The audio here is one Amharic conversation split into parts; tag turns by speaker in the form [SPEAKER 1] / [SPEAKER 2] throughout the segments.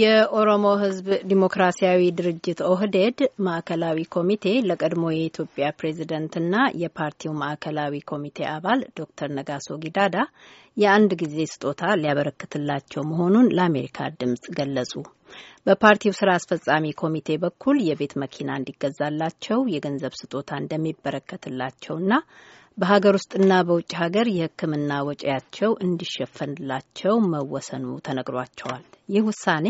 [SPEAKER 1] የኦሮሞ ሕዝብ ዲሞክራሲያዊ ድርጅት ኦህዴድ ማዕከላዊ ኮሚቴ ለቀድሞ የኢትዮጵያ ፕሬዝደንትና የፓርቲው ማዕከላዊ ኮሚቴ አባል ዶክተር ነጋሶ ጊዳዳ የአንድ ጊዜ ስጦታ ሊያበረክትላቸው መሆኑን ለአሜሪካ ድምጽ ገለጹ። በፓርቲው ስራ አስፈጻሚ ኮሚቴ በኩል የቤት መኪና እንዲገዛላቸው፣ የገንዘብ ስጦታ እንደሚበረከትላቸውና በሀገር ውስጥና በውጭ ሀገር የሕክምና ወጪያቸው እንዲሸፈንላቸው መወሰኑ ተነግሯቸዋል። ይህ ውሳኔ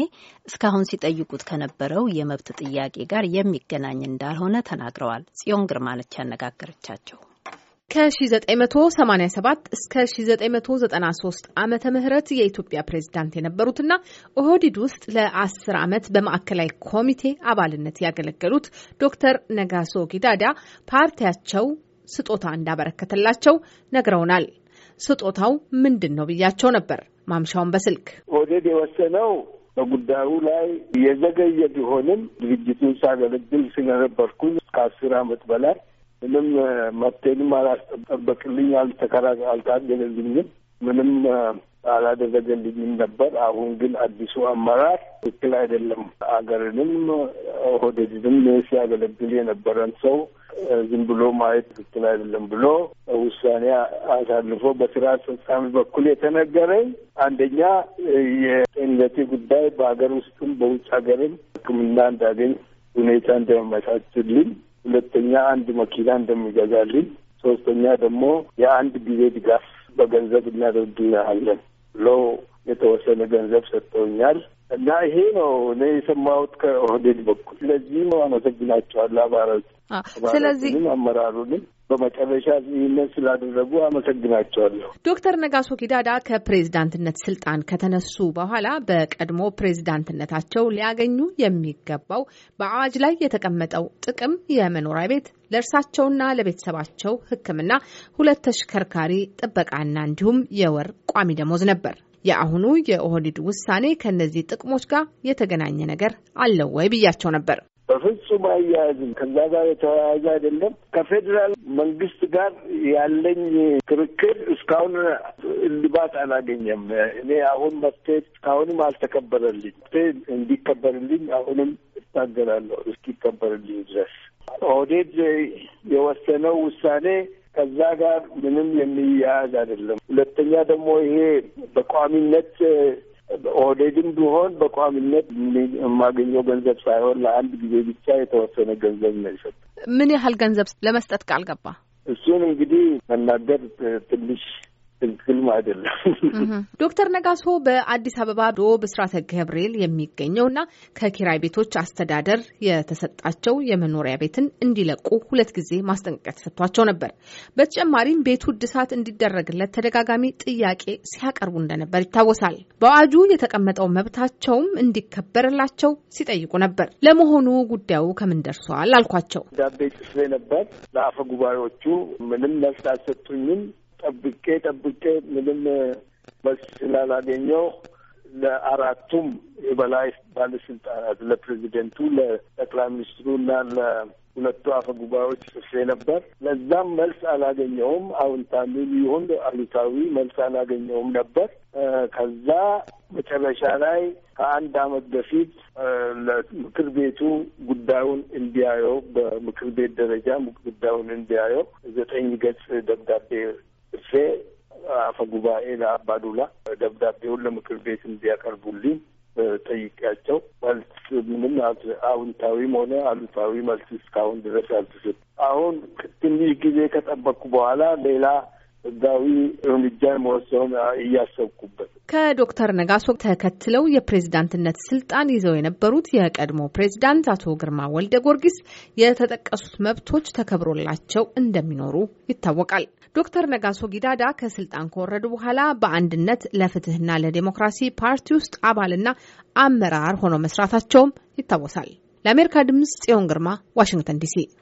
[SPEAKER 1] እስካሁን ሲጠይቁት ከነበረው የመብት ጥያቄ ጋር የሚገናኝ እንዳልሆነ ተናግረዋል። ጽዮን
[SPEAKER 2] ግርማ ነች ያነጋገረቻቸው። ከ1987 እስከ 1993 ዓመተ ምህረት የኢትዮጵያ ፕሬዝዳንት የነበሩትና ኦህዲድ ውስጥ ለ10 ዓመት በማዕከላዊ ኮሚቴ አባልነት ያገለገሉት ዶክተር ነጋሶ ጊዳዳ ፓርቲያቸው ስጦታ እንዳበረከተላቸው ነግረውናል። ስጦታው ምንድን ነው ብያቸው ነበር ማምሻውን በስልክ
[SPEAKER 3] ኦህዴድ የወሰነው በጉዳዩ ላይ የዘገየ ቢሆንም ድርጅቱን ሳገለግል ስለነበርኩኝ ከአስር አመት በላይ ምንም መብቴንም አላስጠበቅልኝ፣ አልተከራ አልታገለልኝም፣ ምንም አላደረገልኝም ነበር። አሁን ግን አዲሱ አመራር ትክክል አይደለም፣ አገርንም ኦህዴድንም ሲያገለግል የነበረን ሰው ዝም ብሎ ማየት ትክክል አይደለም ብሎ ውሳኔ አሳልፎ በስራ አስፈጻሚ በኩል የተነገረኝ አንደኛ የጤንነቴ ጉዳይ በሀገር ውስጥም በውጭ ሀገርም ሕክምና እንዳገኝ ሁኔታ እንደመቻችልኝ፣ ሁለተኛ አንድ መኪና እንደሚገዛልኝ፣ ሶስተኛ ደግሞ የአንድ ጊዜ ድጋፍ በገንዘብ እናደርግልሃለን ብሎ የተወሰነ ገንዘብ ሰጥተውኛል። እና ይሄ ነው እኔ የሰማሁት ከኦህዴድ በኩል። ስለዚህ ነው አመሰግናቸዋለሁ አባላት ስለዚህ አመራሩንም በመጨረሻ ይህንን ስላደረጉ አመሰግናቸዋለሁ።
[SPEAKER 2] ዶክተር ነጋሶ ጊዳዳ ከፕሬዝዳንትነት ስልጣን ከተነሱ በኋላ በቀድሞ ፕሬዝዳንትነታቸው ሊያገኙ የሚገባው በአዋጅ ላይ የተቀመጠው ጥቅም የመኖሪያ ቤት ለእርሳቸውና ለቤተሰባቸው ሕክምና፣ ሁለት ተሽከርካሪ ጥበቃና እንዲሁም የወር ቋሚ ደሞዝ ነበር። የአሁኑ የኦህዴድ ውሳኔ ከእነዚህ ጥቅሞች ጋር የተገናኘ ነገር አለው ወይ ብያቸው ነበር።
[SPEAKER 3] በፍጹም አያያዝም ከዛ ጋር የተያያዘ አይደለም። ከፌዴራል መንግስት ጋር ያለኝ ክርክር እስካሁን እልባት አላገኘም። እኔ አሁን መፍትሄ እስካሁንም አልተከበረልኝ። እንዲከበርልኝ አሁንም እታገላለሁ እስኪከበርልኝ ድረስ። ኦህዴድ የወሰነው ውሳኔ ከዛ ጋር ምንም የሚያያዝ አይደለም። ሁለተኛ ደግሞ ይሄ በቋሚነት ኦህዴድም ቢሆን በቋሚነት የማገኘው ገንዘብ ሳይሆን ለአንድ ጊዜ ብቻ የተወሰነ ገንዘብ ነው
[SPEAKER 2] ምን ያህል ገንዘብ ለመስጠት ቃል ገባ?
[SPEAKER 3] እሱን እንግዲህ መናገር ትንሽ ትክክልም አይደለም።
[SPEAKER 2] ዶክተር ነጋሶ በአዲስ አበባ ዶ ብስራተ ገብርኤል የሚገኘውና ከኪራይ ቤቶች አስተዳደር የተሰጣቸው የመኖሪያ ቤትን እንዲለቁ ሁለት ጊዜ ማስጠንቀቂያ ተሰጥቷቸው ነበር። በተጨማሪም ቤቱ እድሳት እንዲደረግለት ተደጋጋሚ ጥያቄ ሲያቀርቡ እንደነበር ይታወሳል። በአዋጁ የተቀመጠው መብታቸውም እንዲከበርላቸው ሲጠይቁ ነበር። ለመሆኑ ጉዳዩ ከምን ደርሷል? አልኳቸው።
[SPEAKER 3] ዳቤ ጽፌ ነበር ለአፈ ጉባኤዎቹ ምንም መልስ አልሰጡኝም። ጠብቄ ጠብቄ ምንም መልስ ስላላገኘው ለአራቱም የበላይ ባለስልጣናት ለፕሬዚደንቱ፣ ለጠቅላይ ሚኒስትሩ እና ለሁለቱ አፈ ጉባኤዎች ጽፌ ነበር። ለዛም መልስ አላገኘውም። አዎንታዊ ይሁን አሉታዊ መልስ አላገኘውም ነበር። ከዛ መጨረሻ ላይ ከአንድ አመት በፊት ለምክር ቤቱ ጉዳዩን እንዲያየው በምክር ቤት ደረጃ ጉዳዩን እንዲያየው ዘጠኝ ገጽ ደብዳቤ አፈ ጉባኤ ለአባዱላ ደብዳቤውን ለምክር ቤት እንዲያቀርቡልኝ ጠይቄያቸው መልስ ምንም አዎንታዊም ሆነ አሉታዊ መልስ እስካሁን ድረስ አልተሰጠም። አሁን ትንሽ ጊዜ ከጠበቅኩ በኋላ ሌላ ህጋዊ እርምጃ መወሰኑን እያሰብኩበት።
[SPEAKER 2] ከዶክተር ነጋሶ ተከትለው የፕሬዝዳንትነት ስልጣን ይዘው የነበሩት የቀድሞ ፕሬዝዳንት አቶ ግርማ ወልደ ጊዮርጊስ የተጠቀሱት መብቶች ተከብሮላቸው እንደሚኖሩ ይታወቃል። ዶክተር ነጋሶ ጊዳዳ ከስልጣን ከወረዱ በኋላ በአንድነት ለፍትህና ለዴሞክራሲ ፓርቲ ውስጥ አባልና አመራር ሆኖ መስራታቸውም ይታወሳል። ለአሜሪካ ድምጽ ጽዮን ግርማ ዋሽንግተን ዲሲ